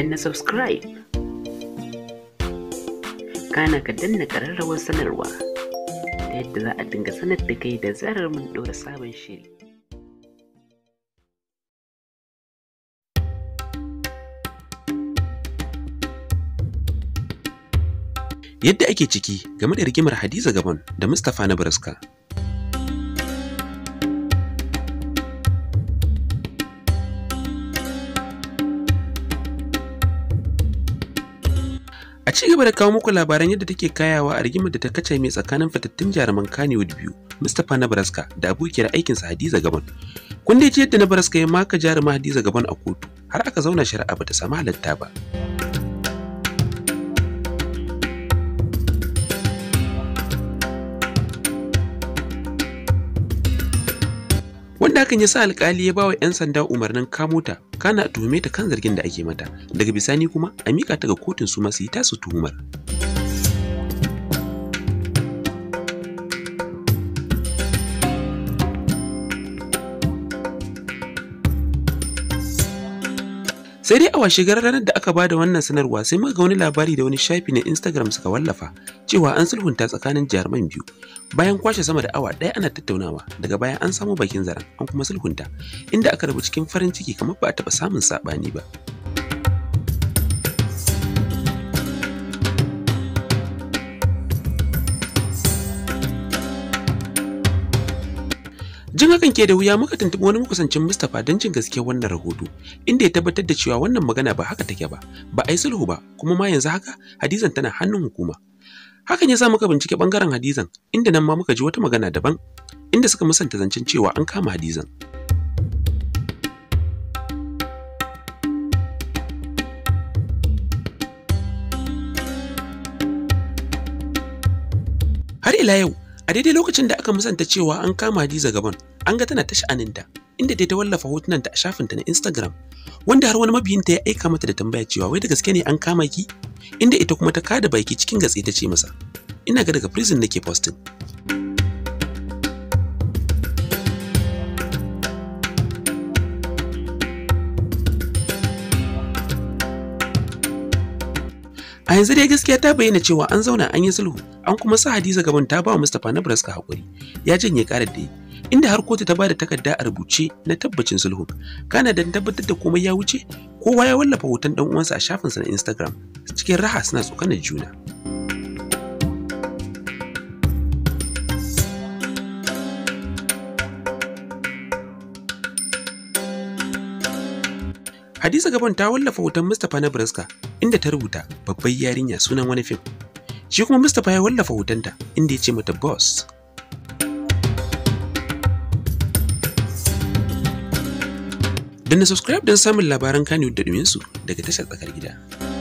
danna subscribe kana ka danna ƙararrawar sanarwa ta yadda za a dinga sanar da kai da zarar mun ɗora sabon shiri yadda ake ciki game da rigimar hadiza gabon da mustapha na baraska A ci gaba da kawo muku labaran yadda take kayawa a rigimar da ta kace mai tsakanin fatattun jaruman Kannywood biyu, Mustapha baraska, da abokiyar aikinsa Hadiza gaban, Kun dai ji yadda Nebraska ya maka jaruma Hadiza gaban a kotu, har aka zauna shari'a bata sami halatta ba. wanda hakan ya sa alkali ya bawa 'yan sanda umarnin kamo ta kana tuhume ta kan zargin da ake mata daga bisani kuma a mika ta ga kotun su masu yi tasu tuhumar sai dai a washegar ranar da aka bada wannan sanarwa sai muka ga wani labari da wani shafi na instagram suka wallafa cewa an sulhunta tsakanin jaruman biyu bayan kwashe sama da awa ɗaya ana tattaunawa daga bayan an samu bakin zaren an kuma sulhunta inda aka rabu cikin farin ciki kamar ba a taɓa samun saɓani ba Ganin hakan ke da wuya muka tuntuɓi wani makusancin Mustapha don jin gaskiyar wannan rahoto, inda ya tabbatar da cewa wannan magana ba haka take ba, ba a yi sulhu ba, kuma ma yanzu haka Hadizan tana hannun hukuma. Hakan ya sa muka bincike ɓangaren Hadizan, inda nan ma muka ji wata magana daban, inda suka musanta zancen cewa an kama Hadizan. Har ila yau, a daidai lokacin da aka musanta cewa an kama Hadiza gaban. an ga tana ta sha'aninta inda dai ta wallafa hotunanta a shafinta na Instagram wanda har wani mabiyinta ya aika mata da tambaya cewa wai da gaske ne an kama ki inda ita kuma ta kada baki cikin gatse ta ce masa ina ga daga prison nake posting A yanzu dai gaskiya ta bayyana cewa an zauna an yi sulhu an kuma sa Hadiza gaban ta ba wa Mustapha na Nebraska hakuri ya janye karar da yi inda har kotu ta bada takarda a rubuce na tabbacin sulhu kana da tabbatar da komai ya wuce kowa ya wallafa hoton dan uwansa a shafinsa na Instagram cikin raha suna tsokanar juna Hadiza Gaban ta wallafa hoton Mustapha na Braska inda ta rubuta babbar yarinya sunan wani fim. Shi kuma Mustapha ya wallafa hotonta inda ya ce mata boss dana subscribe don samun labaran Kano da su daga tashar tsakar gida.